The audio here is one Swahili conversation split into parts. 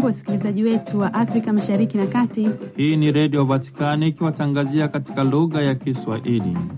Hamjambo wasikilizaji wetu wa Afrika Mashariki na Kati. Hii ni Redio Vatikani ikiwatangazia katika lugha ya Kiswahili. Mm.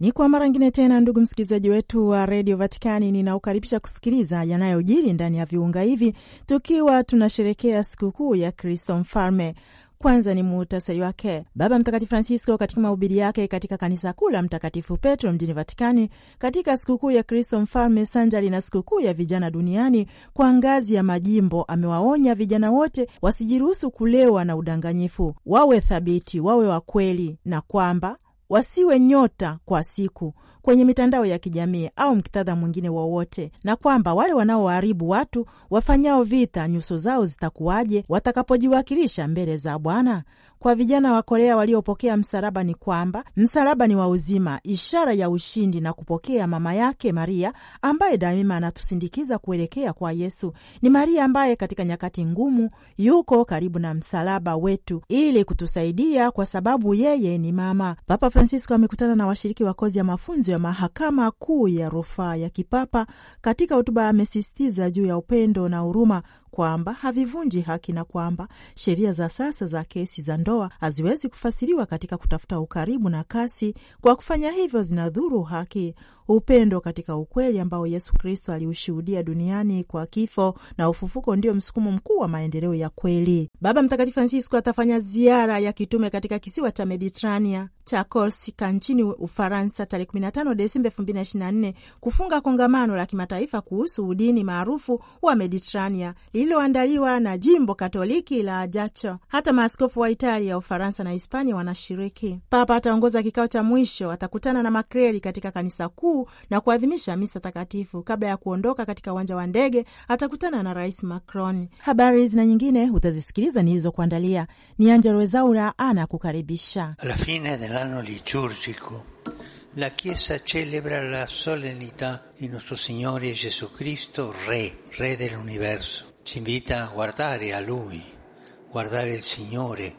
Ni kwa mara ngine tena, ndugu msikilizaji wetu wa redio Vatikani, ninaokaribisha kusikiliza yanayojiri ndani ya viunga hivi, tukiwa tunasherekea sikukuu ya Kristo Mfalme kwanza ni muhtasari wake. Baba Mtakatifu Francisco katika mahubiri yake katika kanisa kuu la Mtakatifu Petro mjini Vatikani katika sikukuu ya Kristo Mfalme sanjari na sikukuu ya vijana duniani kwa ngazi ya majimbo, amewaonya vijana wote wasijiruhusu kulewa na udanganyifu, wawe thabiti, wawe wakweli, na kwamba wasiwe nyota kwa siku kwenye mitandao ya kijamii au mktadha mwingine wowote, na kwamba wale wanaoharibu watu wafanyao vita nyuso zao zitakuwaje watakapojiwakilisha mbele za Bwana? Kwa vijana wa Korea waliopokea msalaba ni kwamba msalaba ni wa uzima, ishara ya ushindi na kupokea mama yake Maria ambaye daima anatusindikiza kuelekea kwa Yesu. Ni Maria ambaye katika nyakati ngumu yuko karibu na msalaba wetu ili kutusaidia, kwa sababu yeye ni mama. Papa Francisco amekutana na washiriki wa kozi ya mafunzo ya mahakama kuu ya rufaa ya kipapa katika hotuba amesisitiza juu ya upendo na huruma kwamba havivunji haki na kwamba sheria za sasa za kesi za ndoa haziwezi kufasiriwa katika kutafuta ukaribu na kasi. Kwa kufanya hivyo, zinadhuru haki, Upendo katika ukweli ambao Yesu Kristo aliushuhudia duniani kwa kifo na ufufuko ndio msukumo mkuu wa maendeleo ya kweli. Baba Mtakatifu Francisco atafanya ziara ya kitume katika kisiwa cha Mediterania cha Korsika nchini Ufaransa tarehe 15 Desemba 2024 kufunga kongamano la kimataifa kuhusu udini maarufu wa Mediterania lililoandaliwa na jimbo Katoliki la Ajaccio. Hata maaskofu wa Italia, Ufaransa na Hispania wanashiriki. Papa ataongoza kikao cha mwisho, atakutana na makreli katika kanisa kuu kuu na kuadhimisha misa takatifu. Kabla ya kuondoka katika uwanja wa ndege, atakutana na Rais Macron. Habari zina nyingine utazisikiliza nilizokuandalia. Ni Angelo Wezaura anakukaribisha. alla fine dell'anno liturgico la Chiesa celebra la solennità di nostro Signore Gesù Cristo, Re, Re dell'universo. Ci invita a guardare a Lui, guardare il Signore,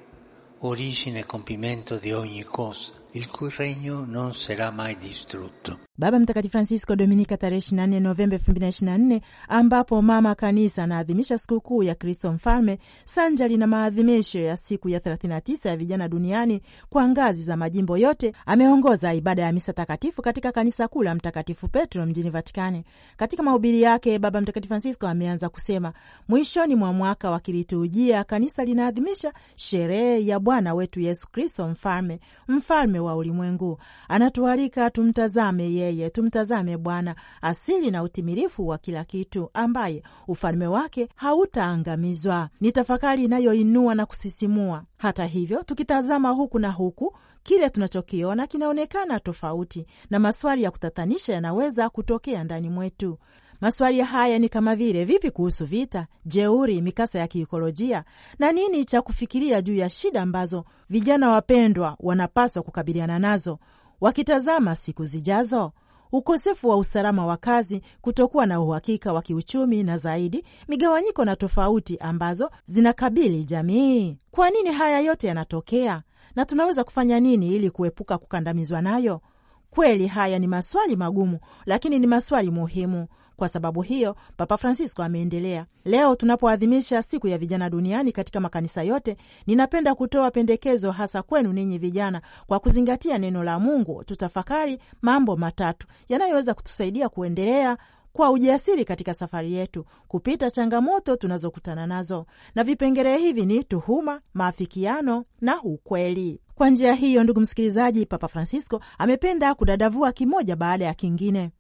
origine e compimento di ogni cosa il cui regno non sarà mai distrutto. Baba Mtakatifu Francisco Dominika tarehe 24 Novemba 2024, ambapo mama kanisa anaadhimisha sikukuu ya Kristo Mfalme sanjari na maadhimisho ya siku ya 39 ya vijana duniani kwa ngazi za majimbo yote, ameongoza ibada ya misa takatifu katika kanisa kuu la Mtakatifu Petro mjini Vatikani. Katika mahubiri yake, Baba Mtakatifu Francisco ameanza kusema, mwishoni mwa mwaka wa kiliturujia kanisa linaadhimisha sherehe ya Bwana wetu Yesu Kristo Mfalme, mfalme wa ulimwengu. Anatualika tumtazame yeye, tumtazame Bwana, asili na utimilifu wa kila kitu, ambaye ufalme wake hautaangamizwa. Ni tafakari inayoinua na kusisimua. Hata hivyo, tukitazama huku na huku kile tunachokiona kinaonekana tofauti na maswali ya kutatanisha yanaweza kutokea ndani mwetu. Maswali haya ni kama vile: vipi kuhusu vita, jeuri, mikasa ya kiikolojia na nini cha kufikiria juu ya shida ambazo vijana wapendwa wanapaswa kukabiliana nazo wakitazama siku zijazo? Ukosefu wa usalama wa kazi, kutokuwa na uhakika wa kiuchumi, na zaidi migawanyiko na tofauti ambazo zinakabili jamii. Kwa nini haya yote yanatokea na tunaweza kufanya nini ili kuepuka kukandamizwa nayo? Kweli haya ni maswali magumu, lakini ni maswali muhimu. Kwa sababu hiyo, Papa Francisco ameendelea: leo tunapoadhimisha siku ya vijana duniani katika makanisa yote, ninapenda kutoa pendekezo hasa kwenu ninyi vijana. Kwa kuzingatia neno la Mungu, tutafakari mambo matatu yanayoweza kutusaidia kuendelea kwa ujasiri katika safari yetu kupita changamoto tunazokutana nazo, na vipengele hivi ni tuhuma, maafikiano na ukweli. Kwa njia hiyo, ndugu msikilizaji, Papa Francisco amependa kudadavua kimoja baada ya kingine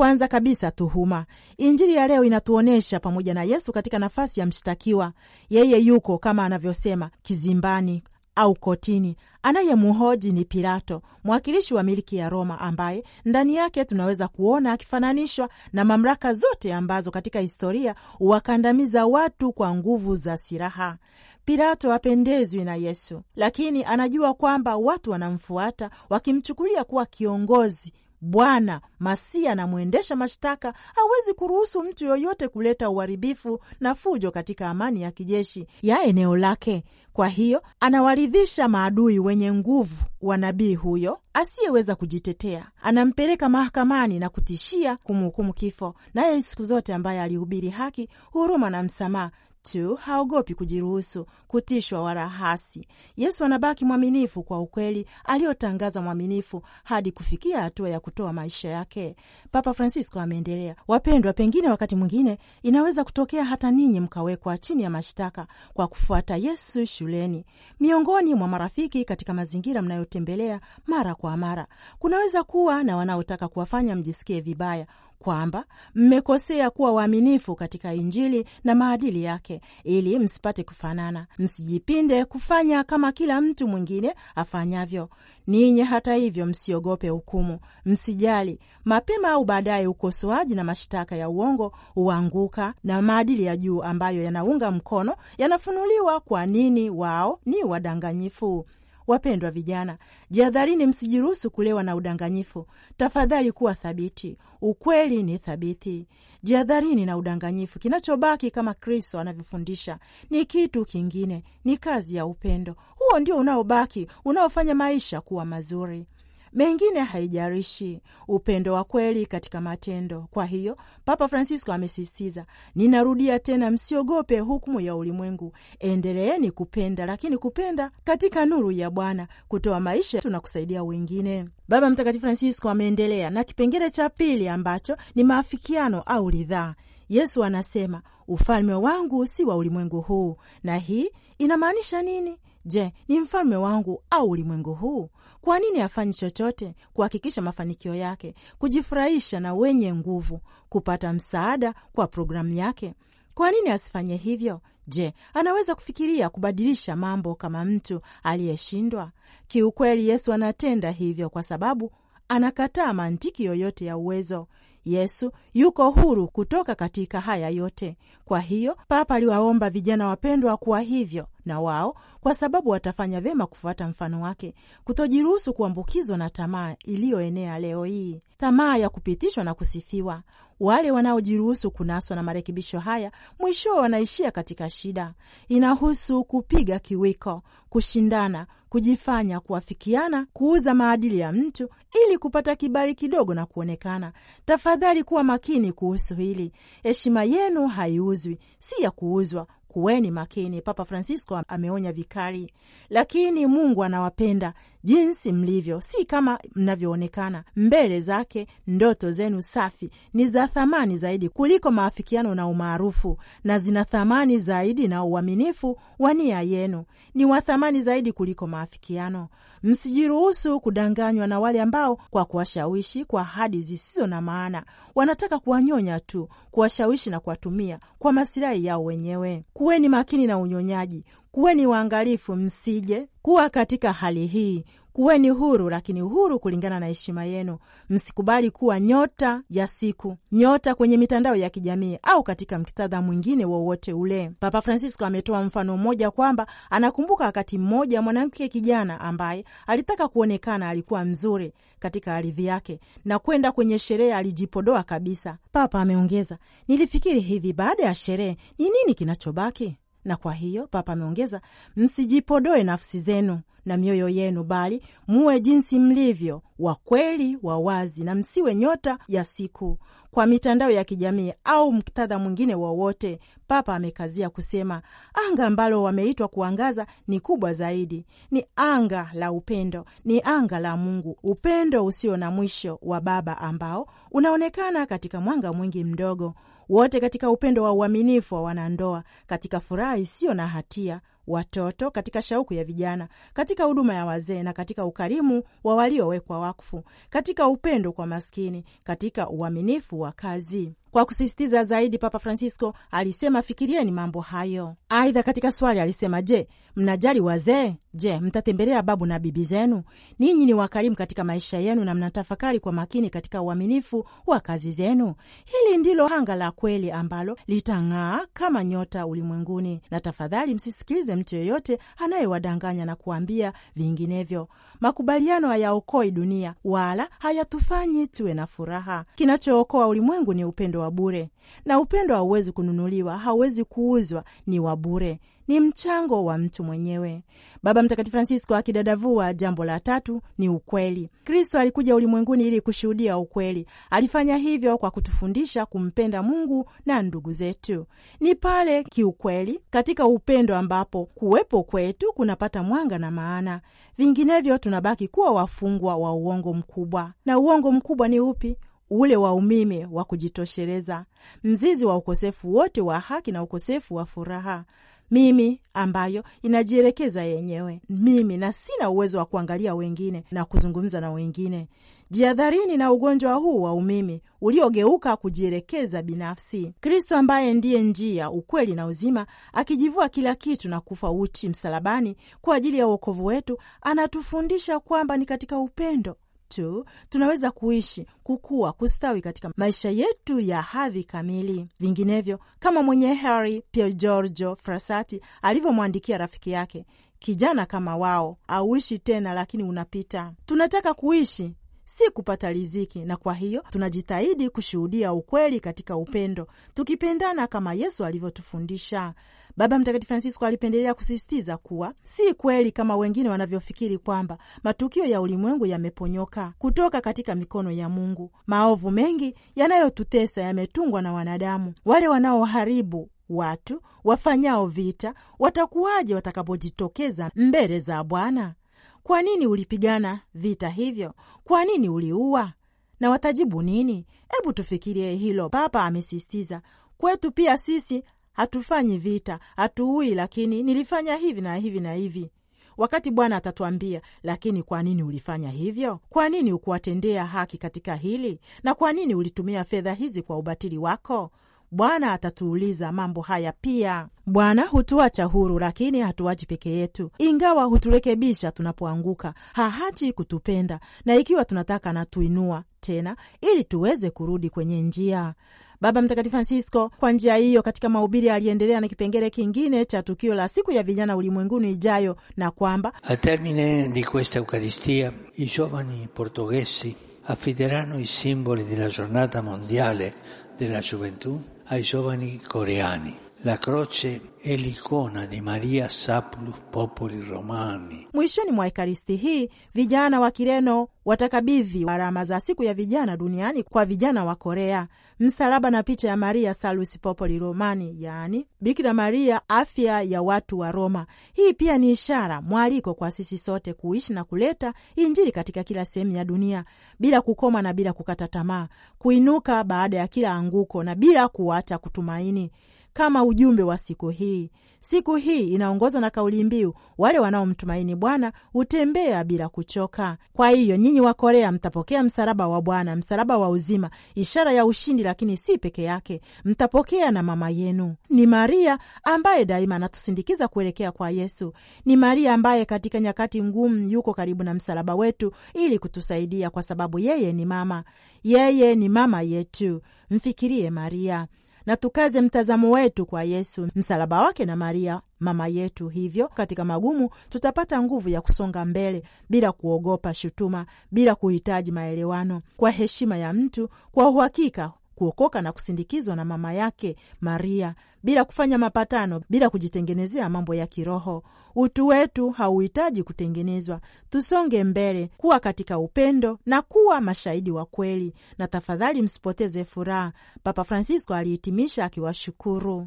kwanza kabisa tuhuma. Injili ya leo inatuonyesha pamoja na Yesu katika nafasi ya mshtakiwa. Yeye yuko kama anavyosema kizimbani au kotini. Anayemhoji ni Pilato, mwakilishi wa miliki ya Roma, ambaye ndani yake tunaweza kuona akifananishwa na mamlaka zote ambazo katika historia huwakandamiza watu kwa nguvu za silaha. Pilato hapendezwi na Yesu, lakini anajua kwamba watu wanamfuata wakimchukulia kuwa kiongozi Bwana Masia anamwendesha mashtaka hawezi kuruhusu mtu yoyote kuleta uharibifu na fujo katika amani ya kijeshi ya eneo lake. Kwa hiyo anawaridhisha maadui wenye nguvu wa nabii huyo asiyeweza kujitetea, anampeleka mahakamani na kutishia kumhukumu kifo. Naye siku zote ambaye alihubiri haki, huruma na msamaha, tu haogopi kujiruhusu kutishwa wala hasi. Yesu anabaki mwaminifu kwa ukweli aliyotangaza, mwaminifu hadi kufikia hatua ya kutoa maisha yake. Papa Francisco ameendelea: Wapendwa, pengine wakati mwingine inaweza kutokea hata ninyi mkawekwa chini ya mashtaka kwa kufuata Yesu shuleni, miongoni mwa marafiki, katika mazingira mnayotembelea mara kwa mara. Kunaweza kuwa na wanaotaka kuwafanya mjisikie vibaya kwamba mmekosea kuwa waaminifu katika Injili na maadili yake, ili msipate kufanana, msijipinde kufanya kama kila mtu mwingine afanyavyo. Ninyi hata hivyo msiogope hukumu, msijali. Mapema au baadaye, ukosoaji na mashtaka ya uongo huanguka na maadili ya juu ambayo yanaunga mkono yanafunuliwa kwa nini wao ni wadanganyifu. Wapendwa vijana, jihadharini, msijiruhusu kulewa na udanganyifu. Tafadhali kuwa thabiti, ukweli ni thabiti. Jihadharini na udanganyifu. Kinachobaki kama Kristo anavyofundisha ni kitu kingine, ni kazi ya upendo. Huo ndio unaobaki unaofanya maisha kuwa mazuri mengine haijarishi, upendo wa kweli katika matendo. Kwa hiyo Papa Francisco amesisitiza, ninarudia tena, msiogope hukumu ya ulimwengu, endeleeni kupenda, lakini kupenda katika nuru ya Bwana, kutoa maisha tuna kusaidia wengine. Baba Mtakatifu Francisco ameendelea na kipengele cha pili ambacho ni maafikiano au ridhaa. Yesu anasema ufalme wangu si wa ulimwengu huu. Na hii inamaanisha nini? Je, ni mfalme wangu au ulimwengu huu? Kwa nini hafanyi chochote kuhakikisha mafanikio yake, kujifurahisha na wenye nguvu, kupata msaada kwa programu yake? Kwa nini asifanye hivyo? Je, anaweza kufikiria kubadilisha mambo kama mtu aliyeshindwa? Kiukweli, Yesu anatenda hivyo kwa sababu anakataa mantiki yoyote ya uwezo. Yesu yuko huru kutoka katika haya yote. Kwa hiyo Papa aliwaomba vijana wapendwa kuwa hivyo na wao, kwa sababu watafanya vyema kufuata mfano wake, kutojiruhusu kuambukizwa na tamaa iliyoenea leo hii tamaa ya kupitishwa na kusifiwa. Wale wanaojiruhusu kunaswa na marekebisho haya mwishoo wanaishia katika shida. Inahusu kupiga kiwiko, kushindana, kujifanya, kuafikiana, kuuza maadili ya mtu ili kupata kibali kidogo na kuonekana. Tafadhali kuwa makini kuhusu hili. Heshima yenu haiuzwi, si ya kuuzwa. Kuweni makini, Papa Francisco ameonya vikali Lakini Mungu anawapenda jinsi mlivyo, si kama mnavyoonekana mbele zake. Ndoto zenu safi ni za thamani zaidi kuliko maafikiano na umaarufu, na zina thamani zaidi na uaminifu wa nia yenu ni wa thamani zaidi kuliko maafikiano. Msijiruhusu kudanganywa na wale ambao kwa kuwashawishi kwa ahadi zisizo na maana wanataka kuwanyonya tu, kuwashawishi na kuwatumia kwa masilahi yao wenyewe. Kuweni makini na unyonyaji Kuweni waangalifu msije kuwa katika hali hii. Kuweni huru, lakini huru kulingana na heshima yenu. Msikubali kuwa nyota ya siku, nyota kwenye mitandao ya kijamii au katika muktadha mwingine wowote ule. Papa Francisco ametoa mfano mmoja kwamba anakumbuka wakati mmoja mwanamke kijana ambaye alitaka kuonekana alikuwa mzuri katika ardhi yake na kwenda kwenye sherehe, alijipodoa kabisa. Papa ameongeza, nilifikiri hivi, baada ya sherehe ni nini kinachobaki? Na kwa hiyo Papa ameongeza, msijipodoe nafsi zenu na mioyo yenu, bali muwe jinsi mlivyo wa kweli, wa wazi, na msiwe nyota ya siku kwa mitandao ya kijamii au muktadha mwingine wowote. Papa amekazia kusema anga ambalo wameitwa kuangaza ni kubwa zaidi, ni anga la upendo, ni anga la Mungu, upendo usio na mwisho wa Baba ambao unaonekana katika mwanga mwingi mdogo wote katika upendo wa uaminifu wa wanandoa, katika furaha isiyo na hatia watoto katika shauku ya vijana, katika huduma ya wazee na katika ukarimu wa waliowekwa wakfu, katika upendo kwa maskini, katika uaminifu wa kazi. Kwa kusisitiza zaidi, Papa Francisco alisema fikirieni mambo hayo. Aidha, katika swali alisema, je, mnajali wazee? Je, mtatembelea babu na bibi zenu? Ninyi ni wakarimu katika maisha yenu na mnatafakari kwa makini katika uaminifu wa kazi zenu? Hili ndilo anga la kweli ambalo litang'aa kama nyota ulimwenguni, na tafadhali msisikilize mtu yoyote anayewadanganya na kuambia vinginevyo. Makubaliano hayaokoi dunia wala hayatufanyi tuwe na furaha. Kinachookoa ulimwengu ni upendo wa bure, na upendo hauwezi kununuliwa, hauwezi kuuzwa, ni wa bure, ni mchango wa mtu mwenyewe. Baba Mtakatifu Francisco akidadavua jambo la tatu ni ukweli. Kristo alikuja ulimwenguni ili kushuhudia ukweli. Alifanya hivyo kwa kutufundisha kumpenda Mungu na ndugu zetu. Ni pale kiukweli, katika upendo ambapo kuwepo kwetu kunapata mwanga na maana, vinginevyo tunabaki kuwa wafungwa wa uongo mkubwa. Na uongo mkubwa ni upi? ule wa umime wa kujitosheleza, mzizi wa ukosefu wote wa haki na ukosefu wa furaha mimi ambayo inajielekeza yenyewe mimi, na sina uwezo wa kuangalia wengine na kuzungumza na wengine. jiadharini na ugonjwa huu wa umimi uliogeuka kujielekeza binafsi. Kristo ambaye ndiye njia, ukweli na uzima, akijivua kila kitu na kufa uchi msalabani kwa ajili ya uokovu wetu, anatufundisha kwamba ni katika upendo yetu tunaweza kuishi, kukua, kustawi katika maisha yetu ya hadhi kamili. Vinginevyo, kama mwenye heri Pier Giorgio Frassati alivyomwandikia rafiki yake, kijana kama wao auishi tena, lakini unapita. Tunataka kuishi si kupata riziki, na kwa hiyo tunajitahidi kushuhudia ukweli katika upendo, tukipendana kama Yesu alivyotufundisha. Baba Mtakatifu Francisco alipendelea kusisitiza kuwa si kweli kama wengine wanavyofikiri kwamba matukio ya ulimwengu yameponyoka kutoka katika mikono ya Mungu. Maovu mengi yanayotutesa yametungwa na wanadamu. Wale wanaoharibu watu wafanyao vita watakuwaje watakapojitokeza mbele za Bwana? Kwa nini ulipigana vita hivyo? Kwa nini uliua? Na watajibu nini? Hebu tufikirie hilo. Papa amesisitiza kwetu pia sisi hatufanyi vita, hatuui, lakini nilifanya hivi na hivi na hivi wakati Bwana atatuambia, lakini kwa nini ulifanya hivyo? Kwa nini ukuwatendea haki katika hili? Na kwa nini ulitumia fedha hizi kwa ubatili wako? Bwana atatuuliza mambo haya pia. Bwana hutuacha huru, lakini hatuachi peke yetu. Ingawa huturekebisha tunapoanguka, hahachi kutupenda, na ikiwa tunataka, anatuinua tena ili tuweze kurudi kwenye njia. Baba Mtakatifu Francisco kwa njia hiyo, katika mahubiri aliendelea na kipengele kingine cha tukio la siku ya vijana ulimwenguni ijayo, na kwamba al termine di questa eucaristia i giovani portoghesi affideranno i simboli della giornata mondiale della gioventù ai giovani coreani la croce è l'icona di Maria Sapulus popoli Romani. Mwishoni mwa ekaristi hii vijana wa Kireno watakabidhi alama za siku ya vijana duniani kwa vijana wa Korea, msalaba na picha ya Maria Salus popoli Romani, yaani Bikira Maria, afya ya watu wa Roma. Hii pia ni ishara, mwaliko kwa sisi sote kuishi na kuleta Injili katika kila sehemu ya dunia bila kukoma na bila kukata tamaa, kuinuka baada ya kila anguko na bila kuacha kutumaini kama ujumbe wa siku hii. Siku hii inaongozwa na kauli mbiu, wale wanaomtumaini Bwana hutembea bila kuchoka. Kwa hiyo nyinyi wa Korea mtapokea msalaba wa Bwana, msalaba wa uzima, ishara ya ushindi, lakini si peke yake. Mtapokea na mama yenu. Ni Maria ambaye daima anatusindikiza kuelekea kwa Yesu. Ni Maria ambaye katika nyakati ngumu yuko karibu na msalaba wetu ili kutusaidia, kwa sababu yeye ni mama, yeye ni mama yetu. Mfikirie Maria na tukaze mtazamo wetu kwa Yesu, msalaba wake na Maria mama yetu. Hivyo katika magumu tutapata nguvu ya kusonga mbele bila kuogopa shutuma, bila kuhitaji maelewano, kwa heshima ya mtu, kwa uhakika kuokoka na kusindikizwa na mama yake Maria, bila kufanya mapatano, bila kujitengenezea mambo ya kiroho. Utu wetu hauhitaji kutengenezwa. Tusonge mbele, kuwa katika upendo na kuwa mashahidi wa kweli, na tafadhali msipoteze furaha. Papa Francisco alihitimisha akiwashukuru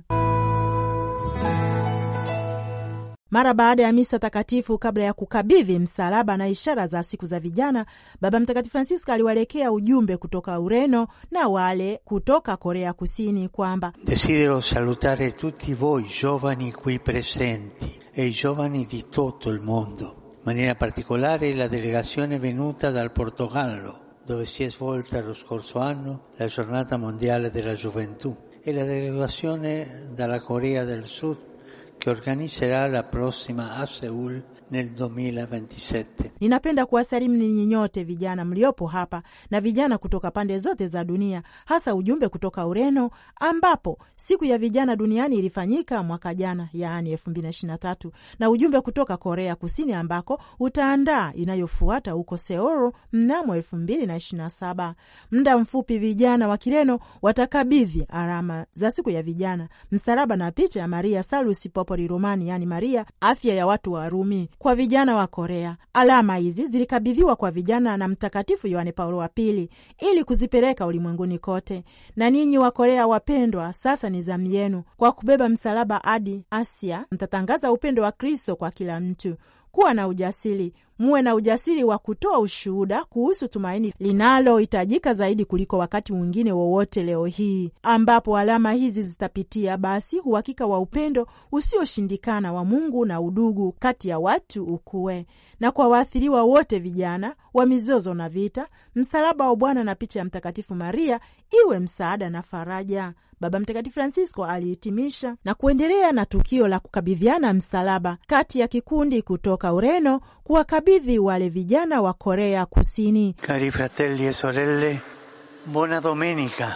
Mara baada ya misa takatifu, kabla ya kukabidhi msalaba na ishara za siku za vijana, Baba Mtakatifu Francisco aliwalekea ujumbe kutoka Ureno na wale kutoka Korea Kusini kwamba desidero salutare tutti voi giovani qui presenti e i giovani di tutto il mondo maniera particolare la delegazione venuta dal Portogallo dove si è svolta lo scorso anno la giornata mondiale della gioventù e la delegazione dalla Corea del Sud que organizará la próxima ASEUL... nel 2027. Ninapenda kuwasalimu ninyi nyote vijana mliopo hapa na vijana kutoka pande zote za dunia, hasa ujumbe kutoka Ureno ambapo siku ya vijana duniani ilifanyika mwaka jana, yaani 2023 na ujumbe kutoka Korea Kusini ambako utaandaa inayofuata huko Seoul mnamo 2027. Muda mfupi vijana wa Kireno watakabidhi alama za siku ya vijana, msalaba na picha ya Maria Salus Popoli Romani, yaani Maria afya ya watu wa Rumi kwa vijana wa Korea. Alama hizi zilikabidhiwa kwa vijana na Mtakatifu Yohane Paulo wa Pili ili kuzipeleka ulimwenguni kote. Na ninyi wa Korea wapendwa, sasa ni zamu yenu. Kwa kubeba msalaba hadi Asia, mtatangaza upendo wa Kristo kwa kila mtu. Kuwa na ujasiri, muwe na ujasiri wa kutoa ushuhuda kuhusu tumaini linalohitajika zaidi kuliko wakati mwingine wowote leo hii, ambapo alama hizi zitapitia basi uhakika wa upendo usioshindikana wa Mungu na udugu kati ya watu ukuwe na kwa waathiriwa wote vijana wa mizozo na vita, msalaba wa Bwana na picha ya Mtakatifu Maria iwe msaada na faraja. Baba Mtakatifu Francisco alihitimisha na kuendelea na tukio la kukabidhiana msalaba kati ya kikundi kutoka Ureno kuwakabidhi wale vijana wa Korea Kusini. Cari fratelli e sorelle, buona domenica.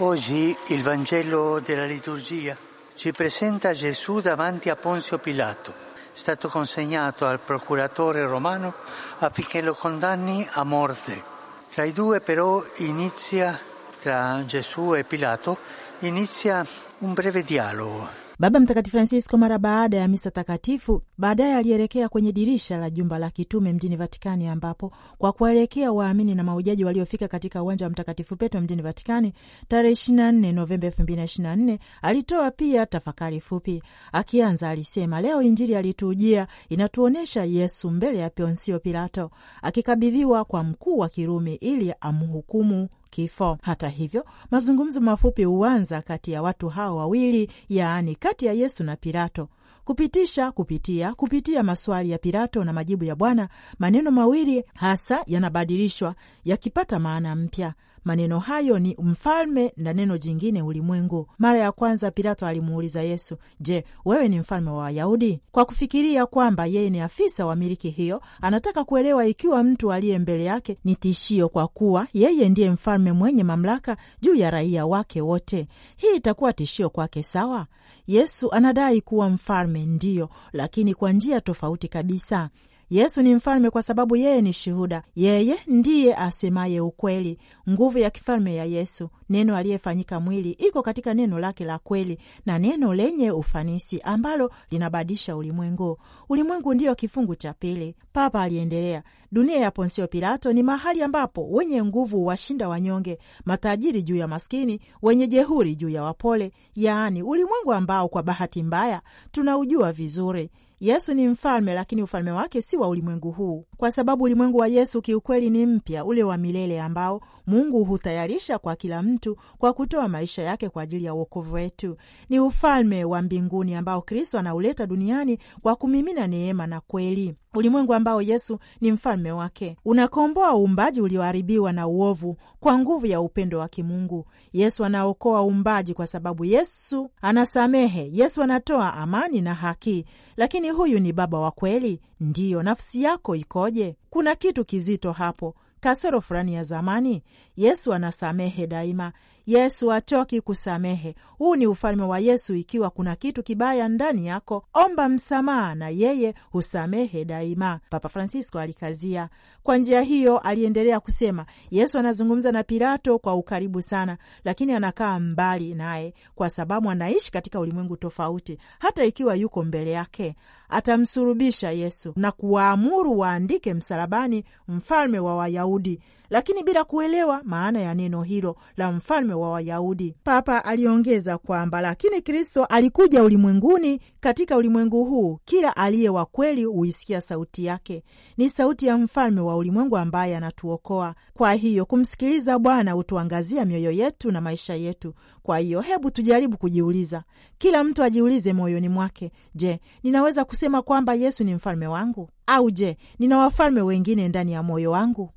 Oggi il Vangelo della liturgia ci presenta Gesù davanti a Ponzio Pilato è stato consegnato al procuratore romano affinché lo condanni a morte. Tra i due però inizia, tra Gesù e Pilato, inizia un breve dialogo Baba Mtakatifu Francisco mara baada ya misa takatifu baadaye alielekea kwenye dirisha la jumba la kitume mjini Vatikani, ambapo kwa kuwaelekea waamini na mahujaji waliofika katika uwanja wa Mtakatifu Petro mjini Vatikani tarehe 24 Novemba 2024 alitoa pia tafakari fupi. Akianza alisema, leo Injili alitujia inatuonyesha Yesu mbele ya Ponsio Pilato akikabidhiwa kwa mkuu wa Kirumi ili amhukumu kifo. Hata hivyo, mazungumzo mafupi huanza kati ya watu hao wawili, yaani kati ya Yesu na Pilato kupitisha kupitia kupitia maswali ya Pilato na majibu ya Bwana, maneno mawili hasa yanabadilishwa yakipata maana mpya. Maneno hayo ni mfalme na neno jingine ulimwengu. Mara ya kwanza Pilato alimuuliza Yesu, je, wewe ni mfalme wa Wayahudi? Kwa kufikiria kwamba yeye ni afisa wa miliki hiyo, anataka kuelewa ikiwa mtu aliye mbele yake ni tishio, kwa kuwa yeye ndiye mfalme mwenye mamlaka juu ya raia wake wote. Hii itakuwa tishio kwake, sawa? Yesu anadai kuwa mfalme, ndiyo, lakini kwa njia tofauti kabisa. Yesu ni mfalme kwa sababu yeye ni shuhuda, yeye ndiye asemaye ukweli. Nguvu ya kifalme ya Yesu, neno aliyefanyika mwili, iko katika neno lake la kweli na neno lenye ufanisi ambalo linabadilisha ulimwengu. Ulimwengu ndiyo kifungu cha pili. Papa aliendelea, dunia ya Ponsio Pilato ni mahali ambapo wenye nguvu washinda wanyonge, matajiri juu ya maskini, wenye jehuri juu ya wapole, yaani ulimwengu ambao kwa bahati mbaya tunaujua vizuri Yesu ni mfalme, lakini ufalme wake si wa ulimwengu huu, kwa sababu ulimwengu wa Yesu kiukweli ni mpya, ule wa milele ambao Mungu hutayarisha kwa kila mtu kwa kutoa maisha yake kwa ajili ya uokovu wetu. Ni ufalme wa mbinguni ambao Kristo anauleta duniani kwa kumimina neema na kweli ulimwengu ambao Yesu ni mfalme wake, unakomboa uumbaji ulioharibiwa na uovu kwa nguvu ya upendo wa kimungu. Yesu anaokoa uumbaji kwa sababu Yesu anasamehe, Yesu anatoa amani na haki. Lakini huyu ni baba wa kweli? Ndiyo. Nafsi yako ikoje? Kuna kitu kizito hapo, kasoro fulani ya zamani. Yesu anasamehe daima. Yesu atoki kusamehe. Huu ni ufalme wa Yesu. Ikiwa kuna kitu kibaya ndani yako, omba msamaha na yeye husamehe daima. Papa Francisco alikazia kwa njia hiyo. Aliendelea kusema, Yesu anazungumza na Pilato kwa ukaribu sana, lakini anakaa mbali naye kwa sababu anaishi katika ulimwengu tofauti. Hata ikiwa yuko mbele yake, atamsurubisha Yesu na kuwaamuru waandike msalabani mfalme wa Wayahudi lakini bila kuelewa maana ya neno hilo la mfalme wa Wayahudi. Papa aliongeza kwamba lakini Kristo alikuja ulimwenguni, katika ulimwengu huu kila aliye wa kweli huisikia sauti yake. Ni sauti ya mfalme wa ulimwengu ambaye anatuokoa. Kwa hiyo kumsikiliza Bwana hutuangazia mioyo yetu na maisha yetu. Kwa hiyo hebu tujaribu kujiuliza, kila mtu ajiulize moyoni mwake, je, ninaweza kusema kwamba Yesu ni mfalme wangu? Au je, nina wafalme wengine ndani ya moyo wangu?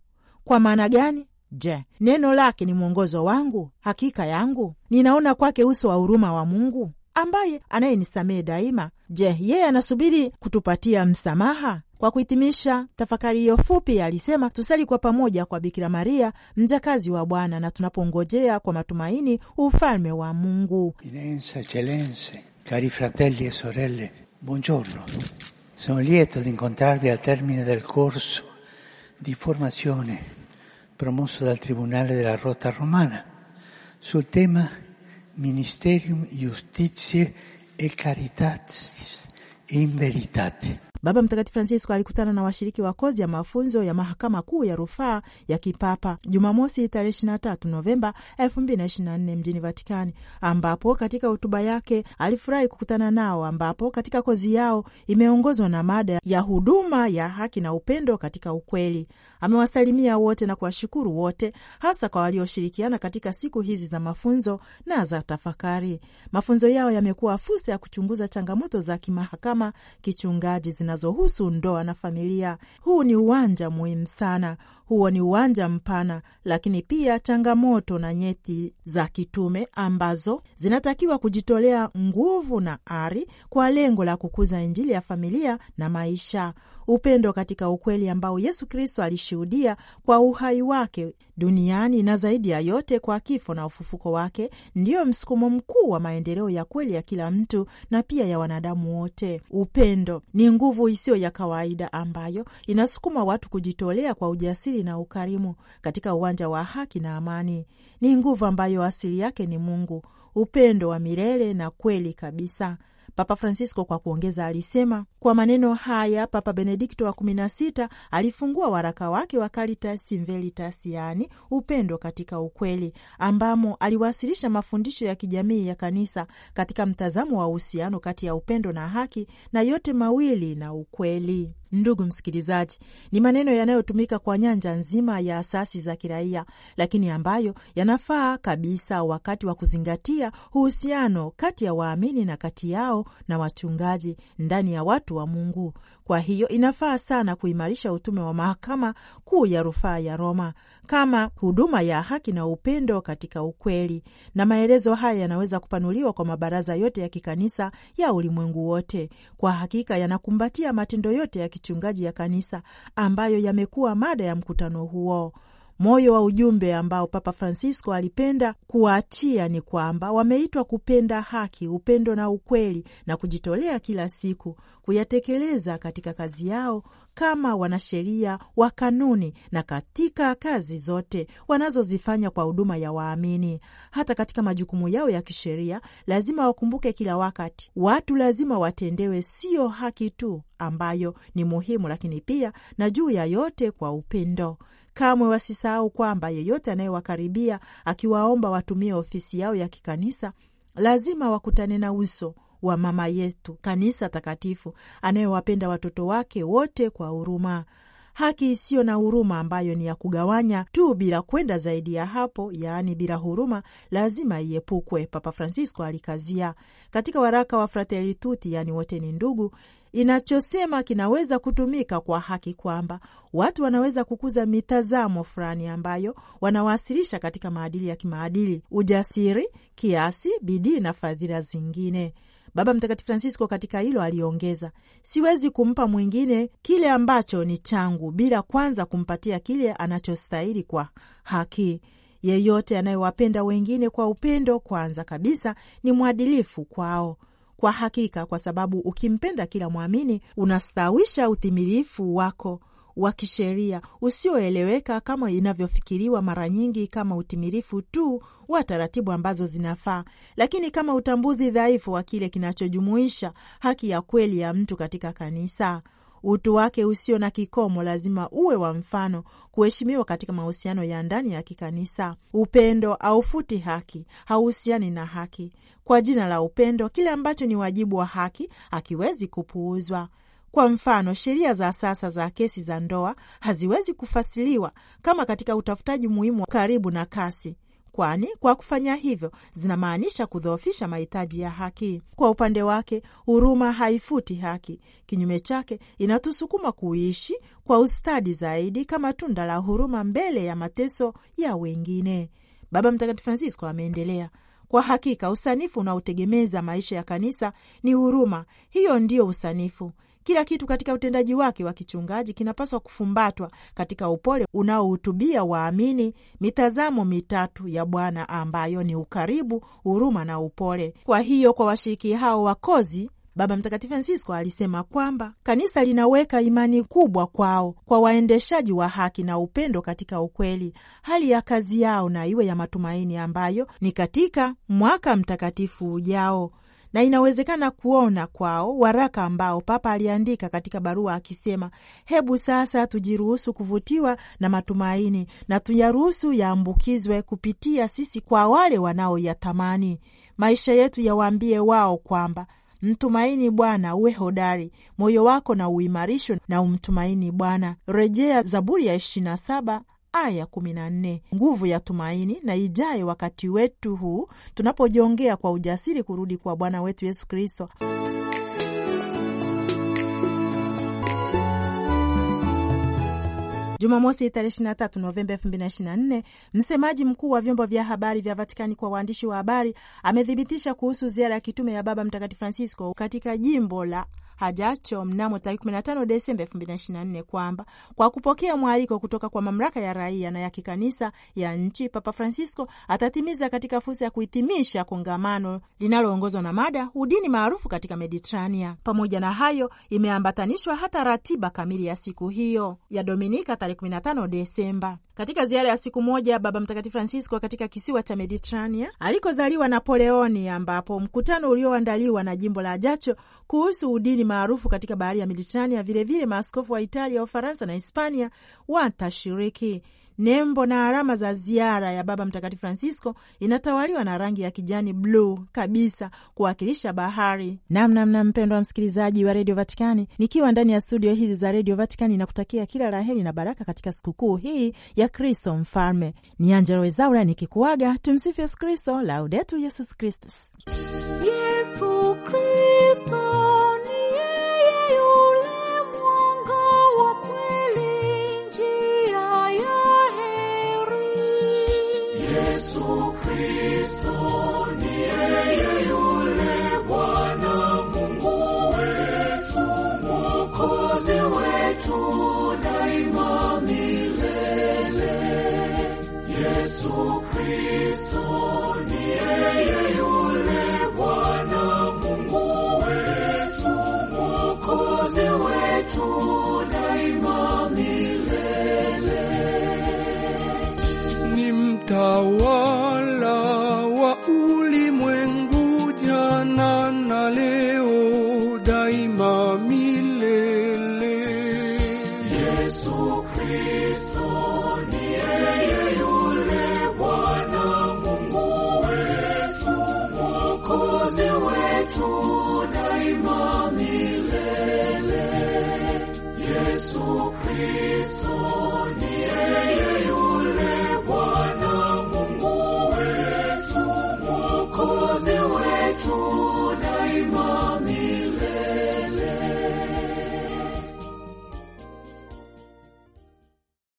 Kwa maana gani? Je, neno lake ni mwongozo wangu, hakika yangu? Ninaona kwake uso wa huruma wa Mungu ambaye anayenisamehe daima. Je, yeye anasubiri kutupatia msamaha? Kwa kuhitimisha tafakari hiyo fupi, alisema tusali kwa pamoja kwa Bikira Maria mjakazi wa Bwana na tunapongojea kwa matumaini ufalme wa Mungu. Eminenza, eccellenze, cari fratelli e sorelle, buongiorno. Sono lieto di incontrarvi al termine del corso di formazione promosso dal Tribunale della Rota Romana sul tema Ministerium Justitiae e Caritatis in Veritate. Baba Mtakatifu Francisco alikutana na washiriki wa kozi ya mafunzo ya mahakama kuu ya rufaa ya kipapa Jumamosi tarehe 23 Novemba 2024 mjini Vatikani, ambapo katika hotuba yake alifurahi kukutana nao, ambapo katika kozi yao imeongozwa na mada ya huduma ya haki na upendo katika ukweli. Amewasalimia wote na kuwashukuru wote, hasa kwa walioshirikiana katika siku hizi za mafunzo na za tafakari. Mafunzo yao yamekuwa fursa ya kuchunguza changamoto za kimahakama kichungaji zinazohusu ndoa na familia. Huu ni uwanja muhimu sana, huo ni uwanja mpana, lakini pia changamoto na nyeti za kitume ambazo zinatakiwa kujitolea nguvu na ari kwa lengo la kukuza Injili ya familia na maisha upendo katika ukweli ambao Yesu Kristo alishuhudia kwa uhai wake duniani na zaidi ya yote kwa kifo na ufufuko wake, ndiyo msukumo mkuu wa maendeleo ya kweli ya kila mtu na pia ya wanadamu wote. Upendo ni nguvu isiyo ya kawaida ambayo inasukuma watu kujitolea kwa ujasiri na ukarimu katika uwanja wa haki na amani. Ni nguvu ambayo asili yake ni Mungu, upendo wa milele na kweli kabisa. Papa Francisco kwa kuongeza alisema kwa maneno haya, Papa Benedikto wa kumi na sita alifungua waraka wake wa Caritas in Veritas, yaani upendo katika ukweli, ambamo aliwasilisha mafundisho ya kijamii ya kanisa katika mtazamo wa uhusiano kati ya upendo na haki, na yote mawili na ukweli. Ndugu msikilizaji, ni maneno yanayotumika kwa nyanja nzima ya asasi za kiraia, lakini ambayo yanafaa kabisa wakati wa kuzingatia uhusiano kati ya waamini na kati yao na wachungaji ndani ya watu wa Mungu, kwa hiyo inafaa sana kuimarisha utume wa mahakama kuu ya rufaa ya Roma kama huduma ya haki na upendo katika ukweli, na maelezo haya yanaweza kupanuliwa kwa mabaraza yote ya kikanisa ya ulimwengu wote. Kwa hakika yanakumbatia matendo yote ya kichungaji ya kanisa ambayo yamekuwa mada ya mkutano huo. Moyo wa ujumbe ambao Papa Francisco alipenda kuwaachia ni kwamba wameitwa kupenda haki, upendo na ukweli, na kujitolea kila siku kuyatekeleza katika kazi yao kama wanasheria wa kanuni na katika kazi zote wanazozifanya kwa huduma ya waamini. Hata katika majukumu yao ya kisheria, lazima wakumbuke kila wakati watu lazima watendewe sio haki tu, ambayo ni muhimu, lakini pia na juu ya yote kwa upendo. Kamwe wasisahau kwamba yeyote anayewakaribia akiwaomba watumie ofisi yao ya kikanisa lazima wakutane na uso wa mama yetu kanisa takatifu, anayewapenda watoto wake wote kwa huruma. Haki isiyo na huruma ambayo ni ya kugawanya tu bila kwenda zaidi ya hapo, yaani bila huruma, lazima iepukwe. Papa Francisco alikazia katika waraka wa Fratelli Tutti, yaani wote ni ndugu, inachosema kinaweza kutumika kwa haki, kwamba watu wanaweza kukuza mitazamo fulani ambayo wanawasilisha katika maadili ya kimaadili, ujasiri, kiasi, bidii na fadhila zingine. Baba Mtakatifu Francisco katika hilo aliongeza, siwezi kumpa mwingine kile ambacho ni changu bila kwanza kumpatia kile anachostahili kwa haki. Yeyote anayewapenda wengine kwa upendo, kwanza kabisa ni mwadilifu kwao kwa hakika, kwa sababu ukimpenda kila mwamini unastawisha utimilifu wako wa kisheria usioeleweka kama inavyofikiriwa mara nyingi kama utimilifu tu wa taratibu ambazo zinafaa, lakini kama utambuzi dhaifu wa kile kinachojumuisha haki ya kweli ya mtu katika kanisa. Utu wake usio na kikomo lazima uwe wa mfano kuheshimiwa katika mahusiano ya ndani ya kikanisa. Upendo haufuti haki, hauhusiani na haki. Kwa jina la upendo, kile ambacho ni wajibu wa haki hakiwezi kupuuzwa. Kwa mfano, sheria za sasa za kesi za ndoa haziwezi kufasiliwa kama katika utafutaji muhimu wa karibu na kasi kwani kwa kufanya hivyo zinamaanisha kudhoofisha mahitaji ya haki. Kwa upande wake, huruma haifuti haki, kinyume chake inatusukuma kuishi kwa ustadi zaidi kama tunda la huruma mbele ya mateso ya wengine. Baba Mtakatifu Francisco ameendelea kwa hakika usanifu unaotegemeza maisha ya kanisa ni huruma. Hiyo ndiyo usanifu. Kila kitu katika utendaji wake wa kichungaji kinapaswa kufumbatwa katika upole unaohutubia waamini mitazamo mitatu ya Bwana ambayo ni ukaribu, huruma na upole. Kwa hiyo kwa washiriki hao wakozi Baba Mtakatifu Francisco alisema kwamba kanisa linaweka imani kubwa kwao, kwa waendeshaji wa haki na upendo katika ukweli. Hali ya kazi yao na iwe ya matumaini, ambayo ni katika mwaka mtakatifu ujao na inawezekana kuona kwao waraka ambao Papa aliandika katika barua akisema, hebu sasa tujiruhusu kuvutiwa na matumaini na tuyaruhusu yaambukizwe kupitia sisi kwa wale wanaoyatamani. Maisha yetu yawaambie wao kwamba mtumaini Bwana, uwe hodari moyo wako na uimarisho na umtumaini Bwana. Rejea Zaburi ya ishirini na saba aya 14 nguvu ya tumaini na ijaye wakati wetu huu tunapojongea kwa ujasiri kurudi kwa Bwana wetu Yesu Kristo. Jumamosi tarehe 23 Novemba 2024, msemaji mkuu wa vyombo vya habari vya Vatikani kwa waandishi wa habari amethibitisha kuhusu ziara ya kitume ya Baba Mtakatifu Francisco katika jimbo la Hajacho mnamo tarehe 15 Desemba 2024 kwamba kwa kupokea mwaliko kutoka kwa mamlaka ya raia na ya kikanisa ya nchi, Papa Francisco atatimiza katika fursa ya kuhitimisha kongamano linaloongozwa na mada udini maarufu katika Mediterania. Pamoja na hayo, imeambatanishwa hata ratiba kamili ya siku hiyo ya Dominika tarehe 15 Desemba. Katika ziara ya siku moja, Baba Mtakatifu Francisco katika kisiwa cha Mediterania alikozaliwa Napoleoni, ambapo mkutano ulioandaliwa na jimbo la jacho kuhusu udini maarufu katika bahari ya Mediterania. Vilevile maaskofu wa Italia, Ufaransa na Hispania watashiriki. Nembo na alama za ziara ya Baba Mtakatifu Francisco inatawaliwa na rangi ya kijani bluu kabisa kuwakilisha bahari. Namnamna mpendo wa msikilizaji wa redio Vaticani, nikiwa ndani ya studio hizi za redio Vaticani na kutakia kila la heri na baraka katika sikukuu hii ya Kristo Mfalme. Ni Angelo Wezaura nikikuaga. Tumsifu Yesu Kristo, Laudetu Yesus Kristus, Yesu Kristo.